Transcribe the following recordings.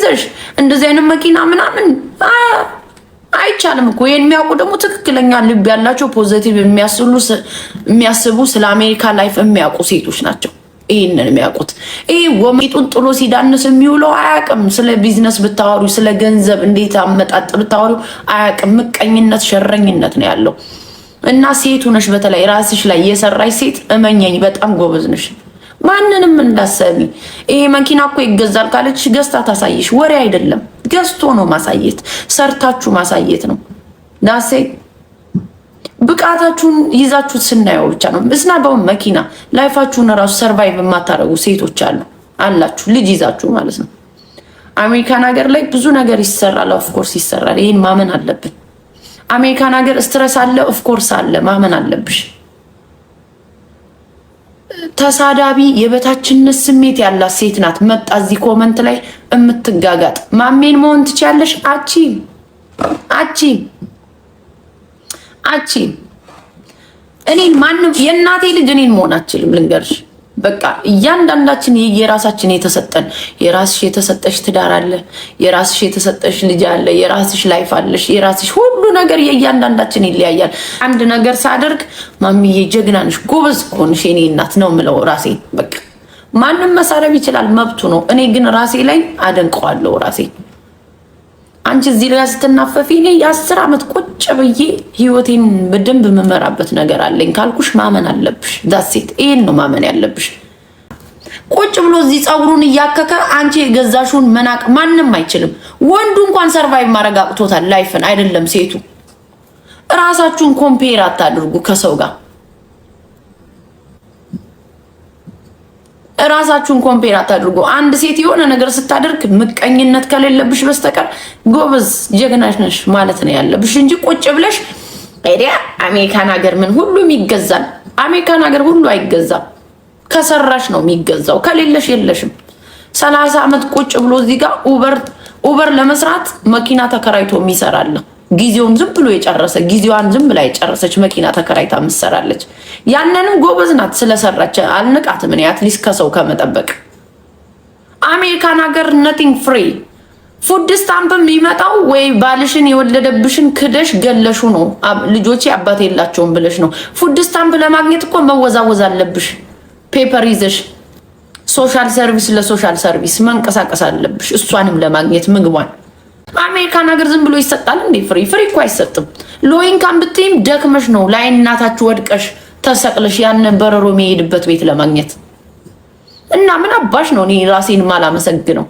ይዘሽ እንደዚህ አይነት መኪና ምናምን አይቻልም እኮ። ይሄን የሚያውቁ ደግሞ ትክክለኛ ልብ ያላቸው ፖዘቲቭ የሚያስቡ ስለ አሜሪካ ላይፍ የሚያውቁ ሴቶች ናቸው። ይህንን የሚያውቁት ይህ ወሜጡን ጥሎ ሲዳንስ የሚውለው አያውቅም። ስለ ቢዝነስ ብታወሩ፣ ስለ ገንዘብ እንዴት አመጣጥ ብታወሩ አያውቅም። ምቀኝነት፣ ሸረኝነት ነው ያለው እና ሴቱ ነሽ፣ በተለይ ራስሽ ላይ የሰራሽ ሴት እመኘኝ፣ በጣም ጎበዝ ነሽ። ማንንም እንዳሰሚ። ይሄ መኪና እኮ ይገዛል ካለች ገዝታ ታሳይሽ። ወሬ አይደለም፣ ገዝቶ ነው ማሳየት፣ ሰርታችሁ ማሳየት ነው። ዳሴ ብቃታችሁን ይዛችሁት ስናየው ብቻ ነው እስና በውን መኪና ላይፋችሁን እራሱ ሰርቫይቭ የማታደርጉ ሴቶች አሉ አላችሁ፣ ልጅ ይዛችሁ ማለት ነው። አሜሪካን ሀገር ላይ ብዙ ነገር ይሰራል፣ ኦፍኮርስ ይሰራል። ይህን ማመን አለብን። አሜሪካን ሀገር ስትረስ አለ፣ ኦፍኮርስ አለ፣ ማመን አለብሽ። ተሳዳቢ የበታችነት ስሜት ያላት ሴት ናት መጣ እዚህ ኮመንት ላይ የምትጋጋጥ ማሜን መሆን ትችያለሽ። አቺ አቺ አቺ እኔን ማንም የእናቴ ልጅ እኔን መሆን አችልም ልንገርሽ በቃ እያንዳንዳችን የራሳችን የተሰጠን የራስሽ የተሰጠሽ ትዳር አለ፣ የራስሽ የተሰጠሽ ልጅ አለ፣ የራስሽ ላይፍ አለሽ፣ የራስሽ ሁሉ ነገር የእያንዳንዳችን ይለያያል። አንድ ነገር ሳደርግ ማሚዬ ጀግናንሽ ጎበዝ ከሆንሽ የኔ እናት ነው ምለው ራሴ በቃ ማንም መሳረብ ይችላል፣ መብቱ ነው። እኔ ግን ራሴ ላይ አደንቀዋለሁ ራሴ አንቺ እዚህ ላይ ስትናፈፊ እኔ የአስር ዓመት ቁጭ ብዬ ህይወቴን በደንብ የምመራበት ነገር አለኝ ካልኩሽ ማመን አለብሽ። ዳሴት ይሄን ነው ማመን ያለብሽ። ቁጭ ብሎ እዚህ ፀጉሩን እያከከ አንቺ የገዛሽውን መናቅ ማንም አይችልም። ወንዱ እንኳን ሰርቫይቭ ማድረግ አቅቶታል ላይፍን፣ አይደለም ሴቱ። እራሳችሁን ኮምፔር አታድርጉ ከሰው ጋር እራሳችሁን ኮምፔር አታድርጉ። አንድ ሴት የሆነ ነገር ስታደርግ ምቀኝነት ከሌለብሽ በስተቀር ጎበዝ ጀግናሽ ነሽ ማለት ነው ያለብሽ እንጂ ቁጭ ብለሽ ሄዲያ አሜሪካን ሀገር ምን ሁሉም ይገዛል። አሜሪካን ሀገር ሁሉ አይገዛም። ከሰራሽ ነው የሚገዛው፣ ከሌለሽ የለሽም። ሰላሳ ዓመት ቁጭ ብሎ እዚህ ጋር ኡበር ኡበር ለመስራት መኪና ተከራይቶ የሚሰራለን ጊዜውን ዝም ብሎ የጨረሰ ጊዜዋን ዝም ብላ የጨረሰች መኪና ተከራይታ ምሰራለች። ያንንም ጎበዝ ናት ስለሰራች አልንቃት። ምን አትሊስት ከሰው ከመጠበቅ አሜሪካን ሀገር ነቲንግ ፍሪ ፉድ ስታምፕ የሚመጣው ወይ ባልሽን የወለደብሽን ክደሽ ገለሹ ነው። ልጆች አባት የላቸውም ብለሽ ነው። ፉድ ስታምፕ ለማግኘት እኮ መወዛወዝ አለብሽ። ፔፐር ይዘሽ ሶሻል ሰርቪስ ለሶሻል ሰርቪስ መንቀሳቀስ አለብሽ። እሷንም ለማግኘት ምግቧን አሜሪካን ሀገር ዝም ብሎ ይሰጣል እንዴ? ፍሪ ፍሪ እኮ አይሰጥም። ሎኢንካም ብትይም ደክመሽ ነው ላይ እናታችሁ ወድቀሽ ተሰቅለሽ ያንን በረሮ የሚሄድበት ቤት ለማግኘት እና ምን አባሽ ነው እኔ ራሴን ማላመሰግነው።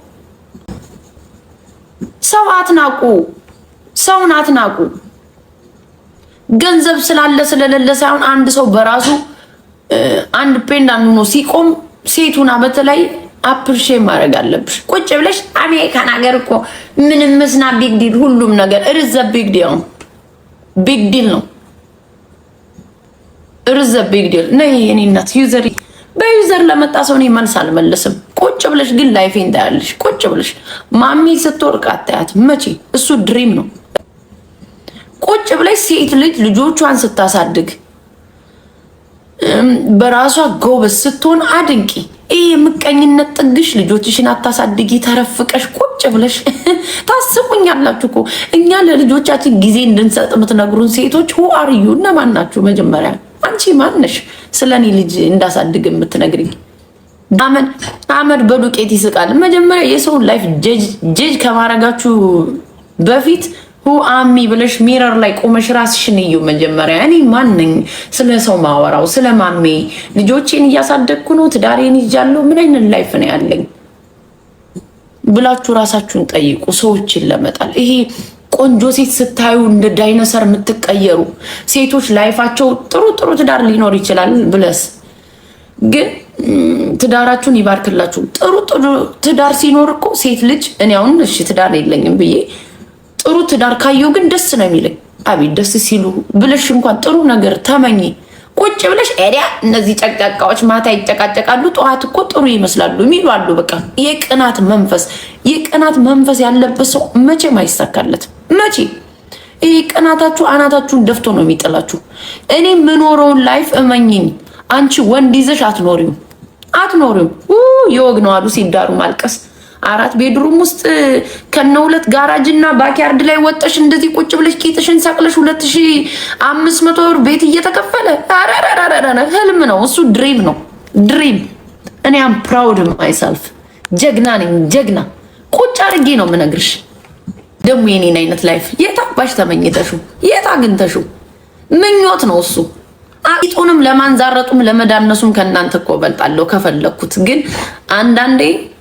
ሰው አትናቁ፣ ሰውን አትናቁ። ገንዘብ ስላለ ስለሌለ ሳይሆን አንድ ሰው በራሱ አንድ ፔንዳንት ሆኖ ሲቆም ሴቱና በተለይ አፕርሼ ማድረግ አለብሽ። ቁጭ ብለሽ አሜሪካን ሀገር እኮ ምንም መስና ቢግ ዲል፣ ሁሉም ነገር እርዘ ቢግ ዲል ነው፣ ቢግ ዲል ነው። እርዘ ቢግ ዲል ነይ የኔ እናት ዩዘር በዩዘር ለመጣ ሰው እኔ መልስ አልመለስም። ቁጭ ብለሽ ግን ላይፌ እንዳያለሽ ቁጭ ብለሽ ማሚ ስትወርቅ አታያት መቼ። እሱ ድሪም ነው። ቁጭ ብለሽ ሴት ልጅ ልጆቿን ስታሳድግ በራሷ ጎበዝ ስትሆን አድንቂ። ይህ የምቀኝነት ጥግሽ ልጆችሽን አታሳድጊ፣ ተረፍቀሽ ቁጭ ብለሽ ታስቡኛላችሁ እኮ እኛ ለልጆቻችን ጊዜ እንድንሰጥ የምትነግሩን ሴቶች ሁ አርዩ እነማን ናችሁ? መጀመሪያ አንቺ ማነሽ? ስለ እኔ ልጅ እንዳሳድግ የምትነግርኝ? አመድ አመድ በዱቄት ይስቃል። መጀመሪያ የሰውን ላይፍ ጀጅ ከማድረጋችሁ በፊት ሁ አሚ ብለሽ ሚረር ላይ ቆመሽ ራስሽን እዩ። መጀመሪያ እኔ ማንኝ ስለ ሰው ማወራው ስለ ማሜ ልጆቼን እያሳደግኩ ነው፣ ትዳሬን ይዣለሁ፣ ምን አይነት ላይፍ ነው ያለኝ ብላችሁ ራሳችሁን ጠይቁ። ሰዎችን ለመጣል ይሄ ቆንጆ ሴት ስታዩ እንደ ዳይኖሰር የምትቀየሩ ሴቶች ላይፋቸው ጥሩ ጥሩ ትዳር ሊኖር ይችላል ብለስ ግን ትዳራችሁን ይባርክላችሁ። ጥሩ ጥሩ ትዳር ሲኖር እኮ ሴት ልጅ እኔ አሁን እሺ ትዳር የለኝም ብዬ ጥሩ ትዳር ካየው ግን ደስ ነው የሚለኝ። አቤት ደስ ሲሉ ብለሽ እንኳን ጥሩ ነገር ተመኝ ቁጭ ብለሽ ኤዲያ፣ እነዚህ ጨቅጫቃዎች ማታ ይጨቃጨቃሉ፣ ጠዋት እኮ ጥሩ ይመስላሉ የሚሉ አሉ። በቃ የቅናት መንፈስ የቅናት መንፈስ ያለበት ሰው መቼም አይሳካለትም። መቼ ይህ ቅናታችሁ አናታችሁን ደፍቶ ነው የሚጥላችሁ። እኔ የምኖረውን ላይፍ እመኝኝ፣ አንቺ ወንድ ይዘሽ አትኖሪም አትኖሪም። የወግ ነው አሉ ሲዳሩ ማልቀስ አራት ቤድሩም ውስጥ ከነ ሁለት ጋራጅ እና ባኪያርድ ላይ ወጠሽ እንደዚህ ቁጭ ብለሽ ቂጥሽን ሰቅለሽ ሁለት ሺ አምስት መቶ ብር ቤት እየተከፈለ ህልም ነው እሱ። ድሪም ነው ድሪም። እኔ አም ፕራውድ ማይሰልፍ ጀግና ነኝ። ጀግና ቁጭ አድርጌ ነው የምነግርሽ። ደግሞ የኔን አይነት ላይፍ የታባሽ ተመኝተሹ የታ ግንተሹ ምኞት ነው እሱ። አጥቶንም ለማንዛረጡም ለመዳነሱም ከእናንተ እኮ እበልጣለሁ ከፈለግኩት። ግን አንዳንዴ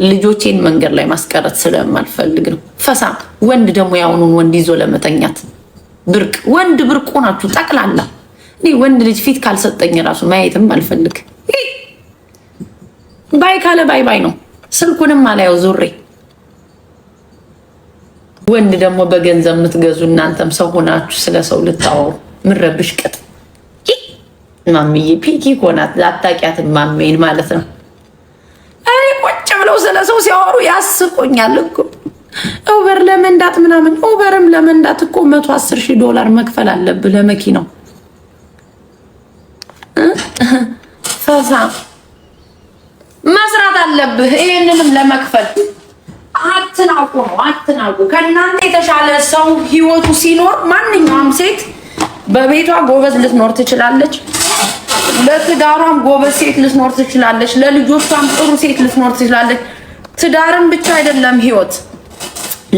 ልጆቼን መንገድ ላይ ማስቀረት ስለማልፈልግ ነው። ፈሳም ወንድ ደግሞ ያውኑን ወንድ ይዞ ለመተኛት ብርቅ ወንድ ብርቁ ናችሁ ጠቅላላ። እኔ ወንድ ልጅ ፊት ካልሰጠኝ ራሱ ማየትም አልፈልግ። ባይ ካለ ባይ ባይ ነው። ስልኩንም አላየው ዙሬ። ወንድ ደግሞ በገንዘብ የምትገዙ እናንተም ሰው ሆናችሁ ስለ ሰው ልታወሩ ምረብሽ ቀጥ ማምዬ ፒኪ እኮ ናት። አታውቂያትም ማሜን ማለት ነው። እኔ ቁጭ ብለው ስለ ሰው ሲያወሩ ያስቁኛል እኮ ኦቨር ለመንዳት ምናምን። ኦቨርም ለመንዳት እኮ መቶ አስር ሺህ ዶላር መክፈል አለብህ ለመኪናው። ፈሳ መስራት አለብህ ይህንንም ለመክፈል አትናቁ ነው አትናቁ። ከእናንተ የተሻለ ሰው ህይወቱ ሲኖር ማንኛውም ሴት በቤቷ ጎበዝ ልትኖር ትችላለች። ለትዳሯም ጎበዝ ሴት ልትኖር ትችላለች። ለልጆቿም ጥሩ ሴት ልትኖር ትችላለች። ትዳርን ብቻ አይደለም ህይወት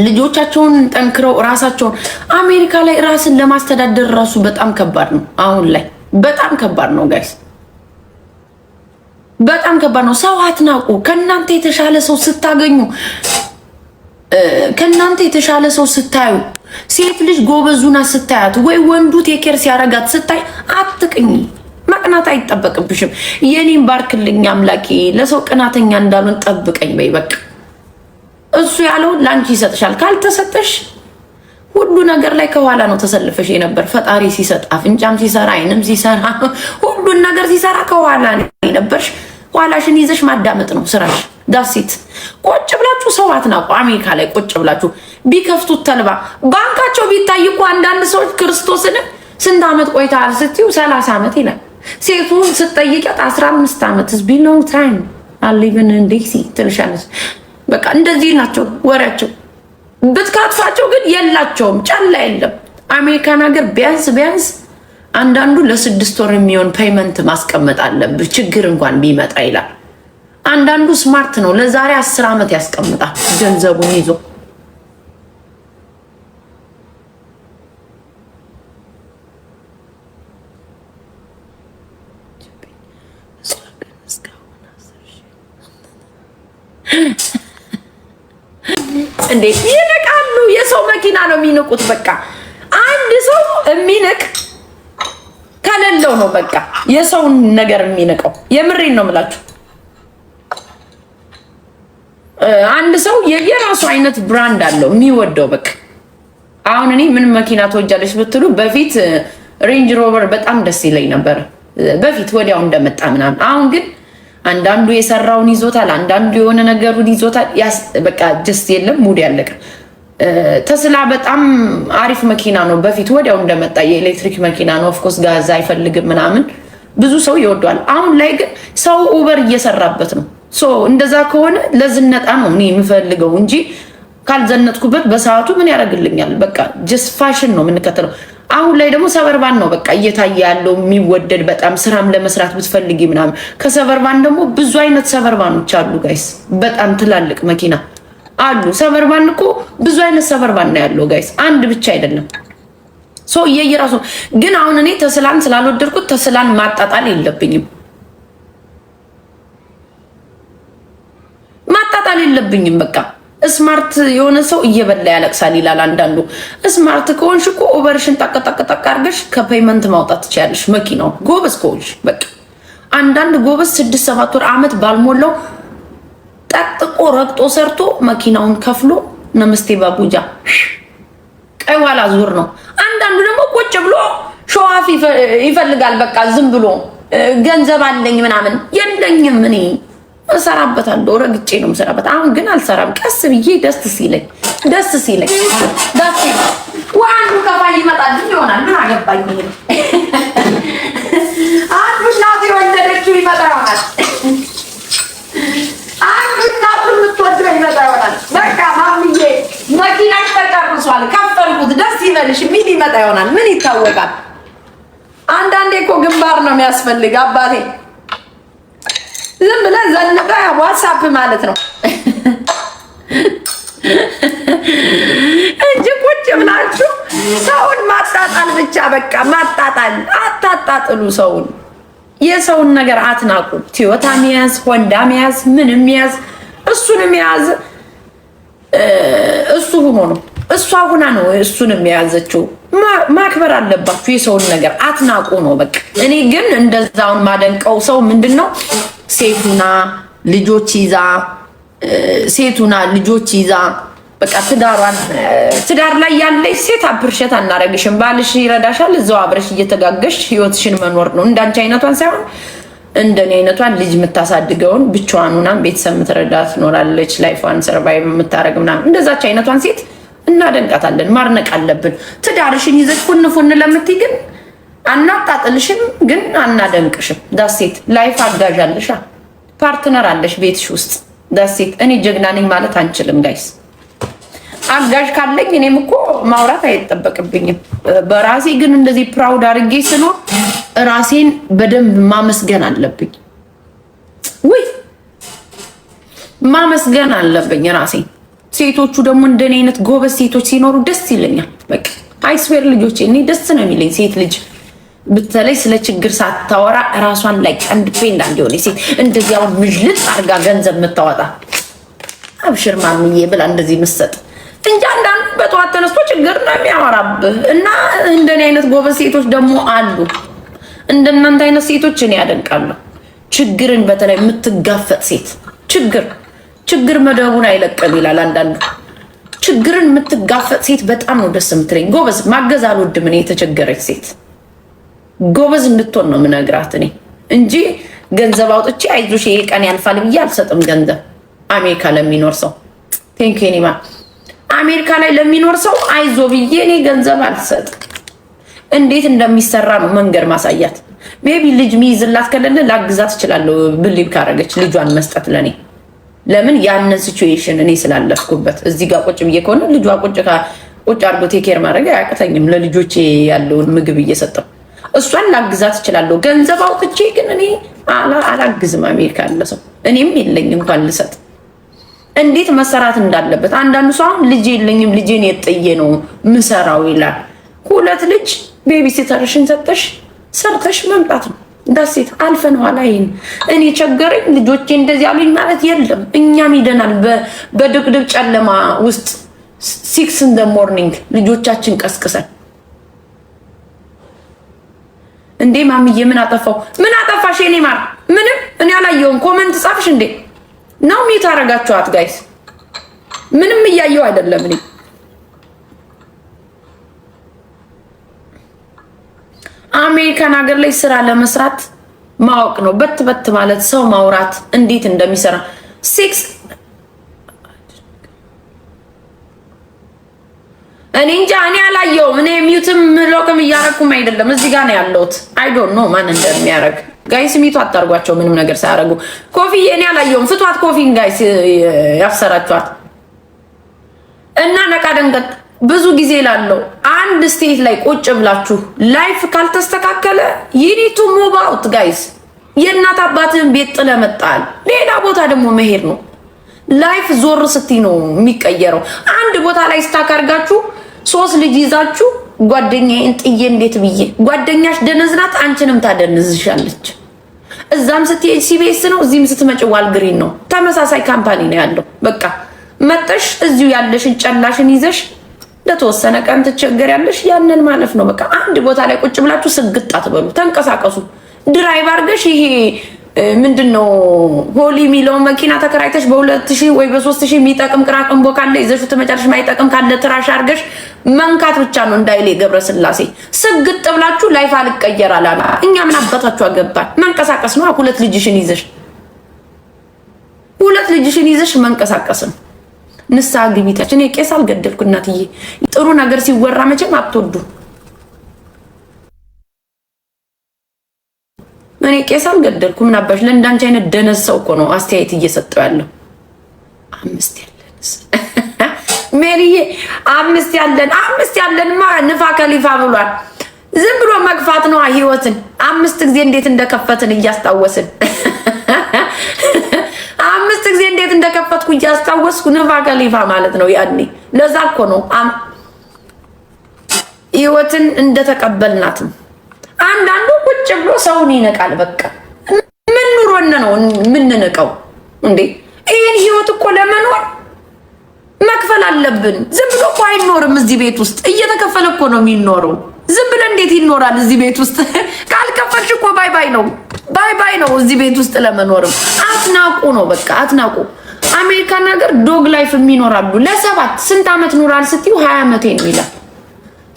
ልጆቻቸውን ጠንክረው ራሳቸውን አሜሪካ ላይ ራስን ለማስተዳደር ራሱ በጣም ከባድ ነው። አሁን ላይ በጣም ከባድ ነው ጋይስ፣ በጣም ከባድ ነው። ሰው አትናቁ። ከእናንተ የተሻለ ሰው ስታገኙ ከእናንተ የተሻለ ሰው ስታዩ ሴት ልጅ ጎበዙና ስታያት ወይ ወንዱ ቴኬር ሲያረጋት ስታይ አትቅኝ። መቅናት አይጠበቅብሽም። የኔን ባርክልኝ አምላኬ፣ ለሰው ቅናተኛ እንዳሉን ጠብቀኝ በይ። በቃ እሱ ያለውን ለአንቺ ይሰጥሻል። ካልተሰጠሽ ሁሉ ነገር ላይ ከኋላ ነው ተሰልፈሽ የነበር። ፈጣሪ ሲሰጥ አፍንጫም ሲሰራ አይንም ሲሰራ ሁሉን ነገር ሲሰራ ከኋላ ነው የነበርሽ። ኋላሽን ይዘሽ ማዳመጥ ነው ስራሽ። ዳሴት ቁጭ ብላችሁ ሰው አትናቁ። አሜሪካ ላይ ቁጭ ብላችሁ ቢከፍቱት ተልባ ባንካቸው ቢታይ እኮ አንዳንድ ሰዎች ክርስቶስንም ስንት ዓመት ቆይተሃል ስትዩ ሰላሳ ዓመት ይላል። ሴቱን ስትጠይቂያት አስራ አምስት ዓመት ቢሎንግ ታይም አሊብን እንዲሲ ትንሻነች። በቃ እንደዚህ ናቸው ወሬያቸው። ብትካትፋቸው ግን የላቸውም ጨላ የለም። አሜሪካን ሀገር ቢያንስ ቢያንስ አንዳንዱ ለስድስት ወር የሚሆን ፔይመንት ማስቀመጥ አለብህ ችግር እንኳን ቢመጣ ይላል። አንዳንዱ ስማርት ነው። ለዛሬ አስር ዓመት ያስቀምጣል ገንዘቡን ይዞ እንዴት ይንቃሉ? የሰው መኪና ነው የሚንቁት። በቃ አንድ ሰው የሚንቅ ከሌለው ነው በቃ የሰውን ነገር የሚንቀው። የምሬን ነው የምላችሁ። አንድ ሰው የየራሱ አይነት ብራንድ አለው የሚወደው። በቃ አሁን እኔ ምን መኪና ትወጃለች ብትሉ በፊት ሬንጅ ሮቨር በጣም ደስ ይለኝ ነበር፣ በፊት ወዲያው እንደመጣ ምናምን። አሁን ግን አንዳንዱ የሰራውን ይዞታል፣ አንዳንዱ የሆነ ነገሩን ይዞታል። በቃ ጀስት የለም ሙድ ያለቀ። ተስላ በጣም አሪፍ መኪና ነው። በፊት ወዲያው እንደመጣ የኤሌክትሪክ መኪና ነው። ኦፍኮርስ ጋዝ አይፈልግም ምናምን፣ ብዙ ሰው ይወደዋል። አሁን ላይ ግን ሰው ኡበር እየሰራበት ነው። ሶ እንደዛ ከሆነ ለዝነጣ ነው እኔ የምፈልገው እንጂ ካልዘነጥኩበት በሰዓቱ ምን ያደርግልኛል? በቃ ጀስት ፋሽን ነው የምንከተለው። አሁን ላይ ደግሞ ሰበርባን ነው በቃ እየታየ ያለው የሚወደድ በጣም ስራም ለመስራት ብትፈልጊ ምናምን። ከሰበርባን ደግሞ ብዙ አይነት ሰበርባኖች አሉ ጋይስ፣ በጣም ትላልቅ መኪና አሉ። ሰበርባን እኮ ብዙ አይነት ሰበርባን ነው ያለው ጋይስ፣ አንድ ብቻ አይደለም። ሶ እየየራሱ ግን አሁን እኔ ተስላን ስላልወደድኩት ተስላን ማጣጣል የለብኝም። የለብኝም በቃ ስማርት የሆነ ሰው እየበላ ያለቅሳል ይላል አንዳንዱ። ስማርት ከሆንሽ እኮ ኦቨርሽን ጣቀጣቀጣቅ አድርገሽ ከፔመንት ማውጣት ትችያለሽ መኪናው ጎበዝ ከሆንሽ በቃ። አንዳንድ ጎበዝ ስድስት ሰባት ወር ዓመት ባልሞላው ጠጥቆ ረግጦ ሰርቶ መኪናውን ከፍሎ ነመስቴ ባቡጃ ቀይ ዋላ ዙር ነው። አንዳንዱ ደግሞ ቁጭ ብሎ ሸዋፍ ይፈልጋል። በቃ ዝም ብሎ ገንዘብ አለኝ ምናምን የለኝም እኔ እሰራበታለሁ። ረግጬ ነው የምሰራበት። አሁን ግን አልሰራም። ቀስ ብዬ ደስ ሲለኝ ደስ ሲለኝ ደስ አንዱ ከፋ ይመጣል ይሆናል። ምን አገባኝ? አንዱ እናት የወለደችው ይመጣ ይሆናል። አንዱ እናቱ የምትወደው ይመጣ ይሆናል። በቃ ማምዬ መኪና ተቀርሷል፣ ከፈልኩት፣ ደስ ይበልሽ ሚል ይመጣ ይሆናል። ምን ይታወቃል? አንዳንዴ እኮ ግንባር ነው የሚያስፈልግ አባቴ ዝም ብለን ዘንቀ ዋትሳፕ ማለት ነው እንጂ ቁጭ ብላችሁ ሰውን ማጣጣል ብቻ በቃ ማጣጣል። አታጣጥሉ ሰውን፣ የሰውን ነገር አትናቁ። ቲዮታ ሚያዝ፣ ሆንዳ ሚያዝ፣ ምንም ሚያዝ፣ እሱን ሚያዝ እሱ ሆኖ ነው እሷ ሁና ነው እሱን የያዘችው። ማክበር አለባችሁ የሰውን ነገር አትናቁ ነው በቃ። እኔ ግን እንደዛውን ማደንቀው ሰው ምንድን ነው ሴቱና ልጆች ይዛ ሴቱና ልጆች ይዛ በቃ ትዳሯን ትዳር ላይ ያለች ሴት አፕርሸት አናረግሽም። ባልሽ ይረዳሻል፣ እዛው አብረሽ እየተጋገሽ ህይወትሽን መኖር ነው። እንዳንቺ አይነቷን ሳይሆን እንደኔ አይነቷን ልጅ የምታሳድገውን ብቻዋን ምናምን ቤተሰብ የምትረዳ ትኖራለች፣ ላይፏን ሰርቫይቭ የምታደረግ ምናምን እንደዛች አይነቷን ሴት እናደንቃታለን፣ ማድነቅ አለብን። ትዳርሽን ይዘሽ ፉን ፉን ለምትይ ግን አናጣጥልሽም፣ ግን አናደንቅሽም። ዳሴት ላይፍ አጋዥ አለሽ፣ ፓርትነር አለሽ ቤትሽ ውስጥ ዳሴት። እኔ ጀግና ነኝ ማለት አንችልም ጋይስ። አጋዥ ካለኝ እኔም እኮ ማውራት አይጠበቅብኝም በራሴ ግን እንደዚህ ፕራውድ አድርጌ ስኖር ራሴን በደንብ ማመስገን አለብኝ። ውይ ማመስገን አለብኝ ራሴን። ሴቶቹ ደግሞ እንደኔ አይነት ጎበዝ ሴቶች ሲኖሩ ደስ ይለኛል። በቃ አይስዌር ልጆቼ፣ እኔ ደስ ነው የሚለኝ ሴት ልጅ በተለይ ስለ ችግር ሳታወራ ራሷን ላይ ቀንድ እንዳንድ የሆነ ሴት እንደዚያው ምልጥ አድርጋ ገንዘብ የምታወጣ አብሽር ማምዬ ብላ እንደዚህ ምሰጥ እንጂ አንዳንዱ በጠዋት ተነስቶ ችግር ነው የሚያወራብህ። እና እንደኔ አይነት ጎበዝ ሴቶች ደግሞ አሉ። እንደናንተ አይነት ሴቶች እኔ ያደንቃለሁ። ችግርን በተለይ የምትጋፈጥ ሴት ችግር ችግር መደቡን አይለቅም ይላል አንዳንዱ። ችግርን የምትጋፈጥ ሴት በጣም ነው ደስ የምትለኝ። ጎበዝ ማገዝ አልወድም እኔ የተቸገረች ሴት ጎበዝ እንድትሆን ነው ምነግራት እኔ እንጂ ገንዘብ አውጥቼ አይዞሽ ይሄ ቀን ያልፋል ብዬ አልሰጥም። ገንዘብ አሜሪካ ለሚኖር ሰው ቴንኪ ኒማ አሜሪካ ላይ ለሚኖር ሰው አይዞ ብዬ እኔ ገንዘብ አልሰጥ። እንዴት እንደሚሰራ ነው መንገድ ማሳያት። ሜቢ ልጅ ሚይዝላት ከሌለ ላግዛት እችላለሁ። ብሊብ ካረገች ልጇን መስጠት ለእኔ ለምን ያንን ሲቹዌሽን እኔ ስላለፍኩበት እዚህ ጋር ቁጭ ብዬ ከሆነ ልጇ ቁጭ ቁጭ አድርጎ ቴኬር ማድረግ አያቅተኝም። ለልጆቼ ያለውን ምግብ እየሰጠው እሷን ላግዛት እችላለሁ። ገንዘብ አውጥቼ ግን እኔ አላግዝም። አሜሪካ ያለ ሰው እኔም የለኝም እንኳን ልሰጥ እንዴት መሰራት እንዳለበት አንዳንዱ ሰው አሁን ልጅ የለኝም ልጄን የጥዬ ነው ምሰራው ይላል። ሁለት ልጅ ቤቢሲተርሽን ሰጠሽ ሰርተሽ መምጣት ነው ዳሴት አልፈን ኋላ ይሄን እኔ ቸገረኝ ልጆቼ እንደዚህ አሉኝ ማለት የለም። እኛም ይደናል በድቅድቅ ጨለማ ውስጥ ሲክስ ኢን ሞርኒንግ ልጆቻችን ቀስቅሰን እንዴ ማምዬ ምን አጠፋው? ምን አጠፋሽ? እኔ ማር ምንም እኔ አላየውም። ኮመንት ጻፍሽ እንዴ ነው ሚት አረጋችኋት? ጋይስ ምንም እያየው አይደለም እኔ አሜሪካን ሀገር ላይ ስራ ለመስራት ማወቅ ነው። በት በት ማለት ሰው ማውራት እንዴት እንደሚሰራ ሲክስ እኔ እንጃ እኔ አላየውም። እኔ ሚዩትም ሎክም እያረኩም አይደለም እዚህ ጋር ነው ያለሁት። አይ ዶንት ኖ ማን እንደሚያረግ ጋይስ ሚቱ አታርጓቸው ምንም ነገር ሳያረጉ። ኮፊዬ እኔ አላየውም። ፍቷት ኮፊን ጋይስ ያፍሰራችኋት እና ነቃ ደንገጥ ብዙ ጊዜ ላለው አንድ ስቴት ላይ ቁጭ ብላችሁ ላይፍ ካልተስተካከለ ይኒቱ ሙቭ አውት ጋይስ። የእናት አባትህን ቤት ጥለ መጣል ሌላ ቦታ ደግሞ መሄድ ነው። ላይፍ ዞር ስቲ ነው የሚቀየረው። አንድ ቦታ ላይ ስታካርጋችሁ አድርጋችሁ ሶስት ልጅ ይዛችሁ ጓደኛዬን ጥዬ እንዴት ብዬ ጓደኛሽ ደነዝናት፣ አንቺንም ታደንዝሻለች። እዛም ስትሄድ ሲቤስ ነው፣ እዚህም ስትመጭ ዋልግሪን ነው። ተመሳሳይ ካምፓኒ ነው ያለው። በቃ መጠሽ እዚሁ ያለሽን ጨላሽን ይዘሽ ለተወሰነ ቀን ያለሽ ያንን ማለፍ ነው። በቃ አንድ ቦታ ላይ ቁጭ ብላችሁ ስግጥ አትበሉ፣ ተንቀሳቀሱ። ድራይቭ አድርገሽ ይሄ ምንድን ነው ሆሊ የሚለውን መኪና ተከራይተሽ በሁለት ሺህ ወይ በሶስት ሺህ የሚጠቅም ቅራቅንቦ ካለ ይዘሹ ተመጨረሽ ማይጠቅም ካለ ትራሽ አድርገሽ መንካት ብቻ ነው እንዳይሌ ገብረስላሴ ስግጥ ብላችሁ ላይፍ አልቀየር አላሉ። እኛ ምን አባታችሁ አገባል። መንቀሳቀስ ነው። ሁለት ልጅሽን ይዘሽ ሁለት ልጅሽን ይዘሽ መንቀሳቀስም ንስሐ ግቢታችን። እኔ ቄስ አልገደልኩ እናትዬ። ጥሩ ነገር ሲወራ መቼም አትወዱም። እኔ ቄስ አልገደልኩ ምን አባሽ ለእንዳንቺ አይነት ደነሰው እኮ ነው አስተያየት እየሰጠው ያለው። አምስት ያለንስ ሜሪዬ አምስት ያለን አምስት ያለንማ ንፋ ከሊፋ ብሏል። ዝም ብሎ መግፋት ነው ህይወትን። አምስት ጊዜ እንዴት እንደከፈትን እያስታወስን አምስት ጊዜ እንዴት እንደከፈትኩ እያስታወስኩ ንፋ ከሊፋ ማለት ነው። ያኔ ለዛ እኮ ነው ህይወትን እንደተቀበልናትም አንዳንዱ ቁጭ ብሎ ሰውን ይነቃል። በቃ ምን ኑሮን ነው የምንንቀው እንዴ? ይህን ህይወት እኮ ለመኖር መክፈል አለብን። ዝም ብሎ እኮ አይኖርም። እዚህ ቤት ውስጥ እየተከፈለ እኮ ነው የሚኖረው። ዝም ብለ እንዴት ይኖራል እዚህ ቤት ውስጥ? ካልከፈልሽ እኮ ባይ ባይ ነው፣ ባይ ባይ ነው። እዚህ ቤት ውስጥ ለመኖርም አትናቁ ነው በቃ አትናቁ። አሜሪካን ሀገር ዶግ ላይፍ የሚኖራሉ ለሰባት ስንት አመት ኑራል ስትዩ ሀያ አመቴ ነው ይላል።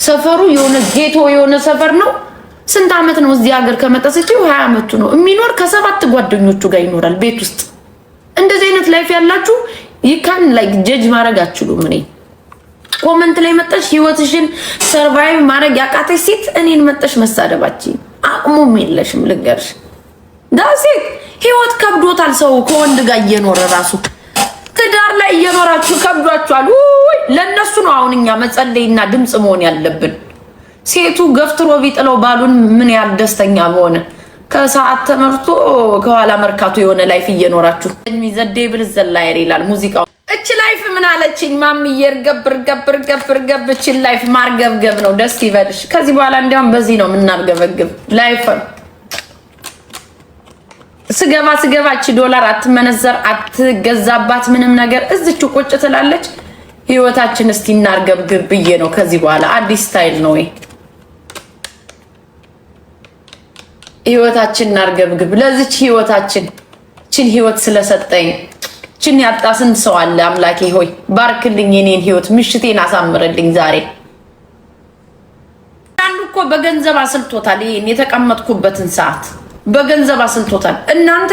ሰፈሩ የሆነ ጌቶ የሆነ ሰፈር ነው ስንት ዓመት ነው እዚህ ሀገር ከመጣ ስጪው፣ ሀያ ዓመቱ ነው የሚኖር ከሰባት ጓደኞቹ ጋር ይኖራል ቤት ውስጥ። እንደዚህ አይነት ላይፍ ያላችሁ ይካን ላይክ ጀጅ ማድረግ አትችሉም። እኔ ኮመንት ላይ መጠሽ ህይወትሽን ሰርቫይቭ ማድረግ ያቃተሽ ሴት እኔን መጠሽ መሳደባች አቅሙም የለሽም ልንገርሽ። ዳሴት ህይወት ከብዶታል። ሰው ከወንድ ጋር እየኖረ ራሱ ትዳር ላይ እየኖራችሁ ከብዷችኋል። ለእነሱ ነው አሁን እኛ መጸለይና ድምፅ መሆን ያለብን። ሴቱ ገፍትሮ ቢጥለው ባሉን ምን ያህል ደስተኛ በሆነ ከሰዓት ተመርቶ ከኋላ መርካቶ የሆነ ላይፍ እየኖራችሁ ዘዴ ብልዘላየር ይላል ሙዚቃው። እች ላይፍ ምን አለችኝ ማምዬ፣ እርገብ እርገብ እርገብ እርገብ። እችን ላይፍ ማርገብገብ ነው። ደስ ይበልሽ። ከዚህ በኋላ እንዲያውም በዚህ ነው የምናርገበግብ ላይፍ። ስገባ ስገባ እቺ ዶላር አትመነዘር አትገዛባት ምንም ነገር እዝቹ ቁጭ ትላለች። ህይወታችን እስቲ እናርገብግብ ብዬ ነው። ከዚህ በኋላ አዲስ ስታይል ነው ወይ ህይወታችን እናርገ ምግብ ለዚች ህይወታችን ችን ህይወት ስለሰጠኝ ችን ያጣ ስንት ሰው አለ። አምላኬ ሆይ ባርክልኝ፣ የኔን ህይወት ምሽቴን አሳምረልኝ ዛሬ አንዱ እኮ በገንዘብ አስልቶታል። ይሄን የተቀመጥኩበትን ሰዓት በገንዘብ አስልቶታል። እናንተ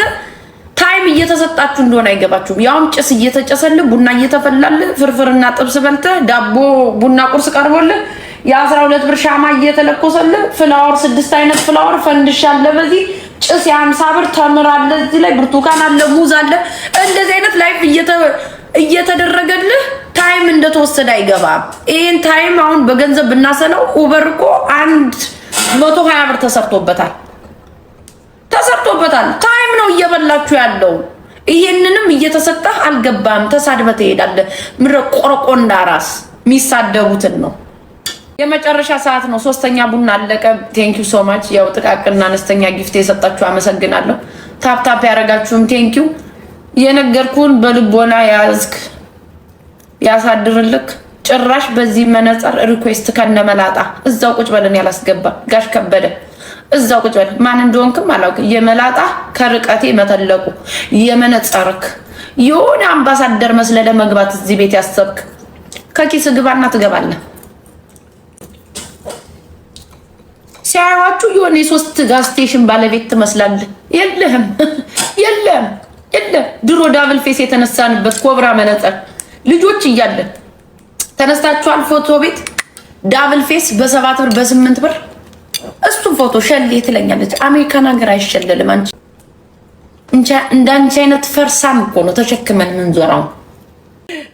ታይም እየተሰጣችሁ እንደሆነ አይገባችሁም። ያውም ጭስ እየተጨሰልህ ቡና እየተፈላልህ ፍርፍርና ጥብስ በልተህ ዳቦ ቡና ቁርስ ቀርቦልህ የአስራ ሁለት ብር ሻማ እየተለኮሰልህ ፍላወር፣ ስድስት አይነት ፍላወር፣ ፈንድሻ አለ፣ በዚህ ጭስ የሀምሳ ብር ተምር አለ፣ እዚህ ላይ ብርቱካን አለ፣ ሙዝ አለ። እንደዚህ አይነት ላይፍ እየተደረገልህ ታይም እንደተወሰደ አይገባም። ይህን ታይም አሁን በገንዘብ ብናሰለው ኡበር እኮ አንድ መቶ ሀያ ብር ተሰርቶበታል ተሰርቶበታል። ታይም ነው እየበላችሁ ያለው። ይሄንንም እየተሰጠህ አልገባም። ተሳድበ ትሄዳለህ። ምድረ ቆረቆንዳ ራስ የሚሳደቡትን ነው የመጨረሻ ሰዓት ነው። ሶስተኛ ቡና አለቀ። ቴንኪው ማች። ያው ጥቃቅንና አነስተኛ ጊፍት የሰጣችሁ አመሰግናለሁ። ታፕታፕ ያደረጋችሁም ቴንኪው። የነገርኩን በልቦና ያዝክ ያሳድርልክ። ጭራሽ በዚህ መነፅር ሪኩዌስት ከነመላጣ እዛው ቁጭ በለን ያላስገባ ጋሽ ከበደ እዛው ቁጭ በለን። ማን እንደሆንክም አላውቅም። የመላጣ ከርቀቴ መተለቁ የመነፀርክ የሆነ አምባሳደር መስለህ ለመግባት እዚህ ቤት ያሰብክ ከኪስ ግባና ትገባለህ። ሲያዩዋችሁ የሆነ የሶስት ጋዝ ስቴሽን ባለቤት ትመስላለህ። የለህም የለም የለም። ድሮ ዳብል ፌስ የተነሳንበት ኮብራ መነጠር ልጆች እያለን ተነስታችኋል። ፎቶ ቤት ዳብል ፌስ በሰባት ብር በስምንት ብር እሱ ፎቶ ሸሌ ትለኛለች። አሜሪካን ሀገር አይሸለልም። አንቺ እንዳንቺ አይነት ፈርሳም እኮ ነው ተሸክመን ምንዞራው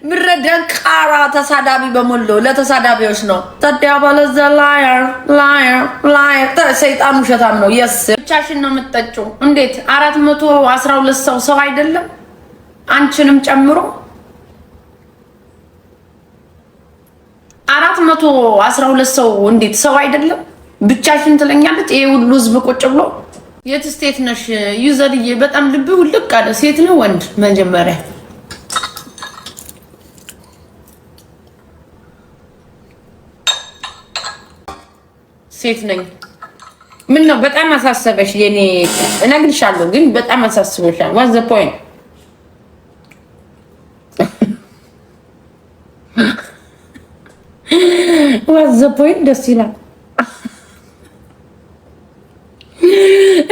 ምረደን ቃራ ተሳዳቢ በሞሎ ለተሳዳቢዎች ነው። ታዲያ ባለዛ ላየር ላየር ላየር ሰይጣን ውሸታም ነው። የስ ብቻሽን ነው የምትጠጪው። እንዴት አራት መቶ አስራ ሁለት ሰው ሰው አይደለም አንቺንም ጨምሮ አራት መቶ አስራ ሁለት ሰው እንዴት ሰው አይደለም ብቻሽን ትለኛለች? ይሄ ሁሉ ህዝብ ቁጭ ብሎ የት ስቴት ነሽ? ዩዘርዬ በጣም ልብ ውልቅ አለ። ሴት ነው ወንድ መጀመሪያ ሴት ነኝ። ምን ነው በጣም አሳሰበሽ? የኔ እነግርሻለሁ፣ ግን በጣም አሳስበሻል። ዋት ዘ ፖይንት ዋት ዘ ፖይንት። ደስ ይላል።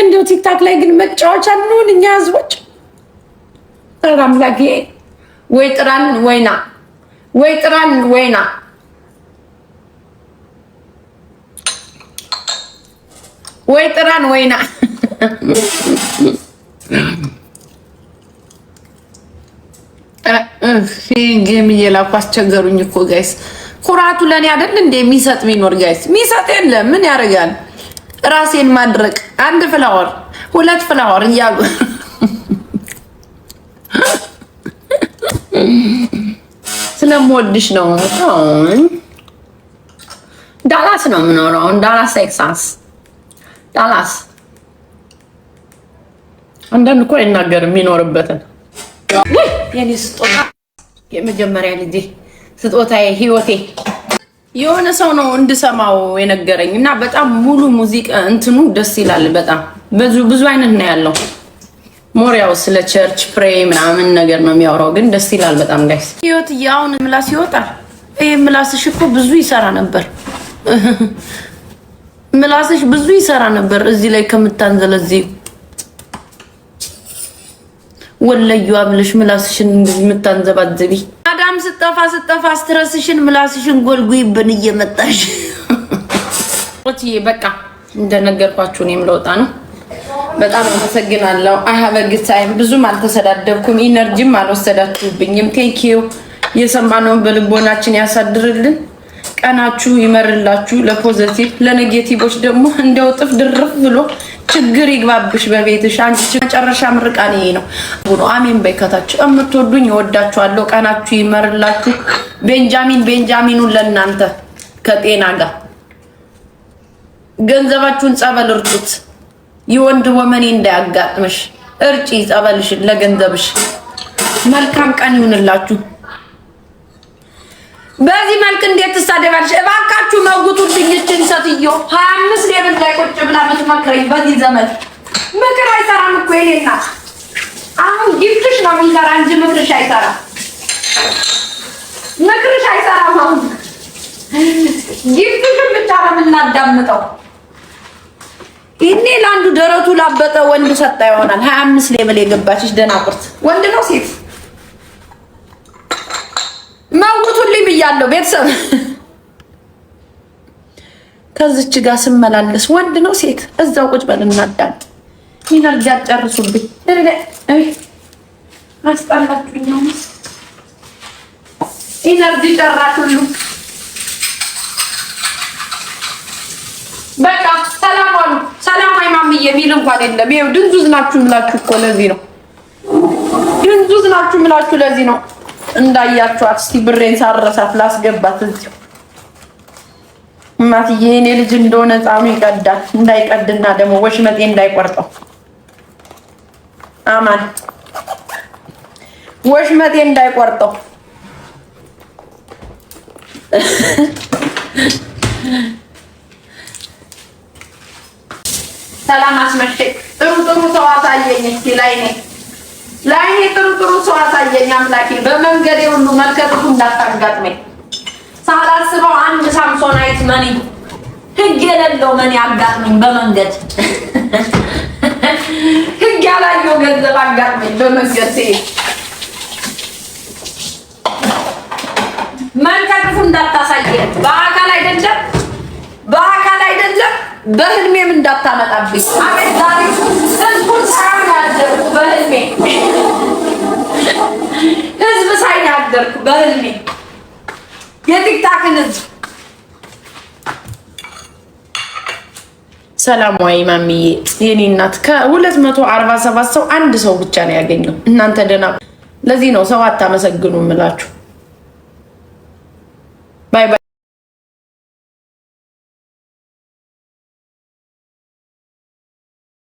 እንደው ቲክታክ ላይ ግን መጫወቻ እንሆን እኛ ህዝቦች። ኧረ አምላኬ፣ ወይ ጥራን ወይና፣ ወይ ጥራን ወይና ወይ ጥራን ወይና ጌም እየላኩ አስቸገሩኝ እኮ ጋይስ። ኩራቱ ለእኔ አይደል እንደ የሚሰጥ ቢኖር ጋይስ ሚሰጥ የለም። ምን ያደርጋል? ራሴን ማድረቅ አንድ ፍላወር ሁለት ፍላወር እያሉ ስለምወድሽ ነው። ዳላስ ነው የምኖረው፣ ዳላስ ቴክሳስ ጣላስ አንዳንድ እኮ አይናገርም የሚኖርበትን። የኔ ስጦታ የመጀመሪያ ልጄ ስጦታ ህይወቴ የሆነ ሰው ነው እንድሰማው የነገረኝ እና በጣም ሙሉ ሙዚቃ እንትኑ ደስ ይላል። በጣም ብዙ ብዙ አይነት ነው ያለው። ሞሪያው ስለ ቸርች ፕሬ ምናምን ነገር ነው የሚያወራው፣ ግን ደስ ይላል በጣም ጋይስ። ህይወት አሁን ምላስ ይወጣል። ይህ ምላስሽ እኮ ብዙ ይሰራ ነበር ምላስሽ ብዙ ይሰራ ነበር እዚህ ላይ ከምታንዘለዚህ ወለዩ አብለሽ ምላስሽን የምታንዘባዘቢ አዳም ስጠፋ ስጠፋ ስትረስሽን ምላስሽን ጎልጉይብን እየመጣሽ በቃ እንደነገርኳችሁ እኔም ለውጣ ነው። በጣም አመሰግናለሁ። አይ ሃቭ አ ጉድ ታይም። ብዙም አልተሰዳደብኩም፣ ኢነርጂም አልወሰዳችሁብኝም። ቴንክ ዩ። የሰማነውን በልቦናችን ያሳድርልን። ቀናችሁ ይመርላችሁ። ለፖዘቲቭ ለኔጌቲቮች ደግሞ እንደው ጥፍ ድርፍ ብሎ ችግር ይግባብሽ በቤትሽ። አንቺ መጨረሻ ምርቃኔ ነው። አሜን በይከታች። የምትወዱኝ እወዳችኋለሁ። ቀናችሁ ይመርላችሁ። ቤንጃሚን ቤንጃሚኑን ለእናንተ ከጤና ጋር ገንዘባችሁን ጸበል እርጩት። የወንድ ወመኔ እንዳያጋጥምሽ እርጪ ጸበልሽን ለገንዘብሽ። መልካም ቀን ይሁንላችሁ። በዚህ መልክ እንዴት ትሳደባለሽ? እባካችሁ መውጡልኝ እችን ሴትዮ። ሀያ አምስት ሌብል ላይ ቁጭ ብላ ምትመክረኝ በዚህ ዘመን ምክር አይሰራም እኮ ይሄና አሁን ጊፍትሽ ነው የሚሰራ እንጂ ምክርሽ አይሰራም። ምክርሽ አይሰራም። አሁን ጊፍትሽን ብቻ ነው የምናዳምጠው። ይሄኔ ለአንዱ ደረቱ ላበጠ ወንድ ሰጣ ይሆናል። ሀያ አምስት ሌብል የገባችሽ ደናቁርት ወንድ ነው ሴት መውቱልኝ ብያለሁ ቤተሰብ። ከዚች ጋር ስመላለስ ወንድ ነው ሴት፣ እዛው ቁጭ በል እናዳል ይህን አልጋ ጨርሱብኝ፣ አስጠላችሁኝ። ኢነርጂ ጠራት ሁሉ በቃ ሰላም አሉ። ሰላም አይማምዬ የሚል እንኳን የለም። ይኸው ድንዙዝ ናችሁ ምላችሁ እኮ ለዚህ ነው። ድንዙዝ ናችሁ ምላችሁ ለዚህ ነው። እንዳያችኋት። እስቲ ብሬን ሳረሳት ላስገባት እዚህ እናትዬ የኔ ልጅ እንደሆነ ሕፃኑ ይቀዳል። እንዳይቀድና ደግሞ ወሽመጤ እንዳይቆርጠው አማን ወሽመጤ እንዳይቆርጠው ሰላም አስመሸኝ። ጥሩ ጥሩ ሰው አሳየኝ። እስኪ ላይ ነኝ ላይ ጥሩ ጥሩ ሰው አሳየኝ አምላኬ፣ በመንገዴ ሁሉ መልከቱ ጥሩ እንዳታጋጥመኝ። ሳላስበው አንድ ሳምሶናይት መኒ ህግ የሌለው መኒ አጋጥመኝ በመንገድ ህግ ያላየው ገንዘብ አጋጥመኝ በመንገድ ሲሄድ መልከ ጥሩ እንዳታሳየኝ በህልሜም እንዳታመጣብኝ ህዝብ ሳይናገርኩ በህልሜ የቲክታክን ህዝብ ሰላም ወይ ማሚዬ የኔ እናት ከ247 ሰው አንድ ሰው ብቻ ነው ያገኘው። እናንተ ደህና። ለዚህ ነው ሰው አታመሰግኑ ምላችሁ። ባይ ባይ።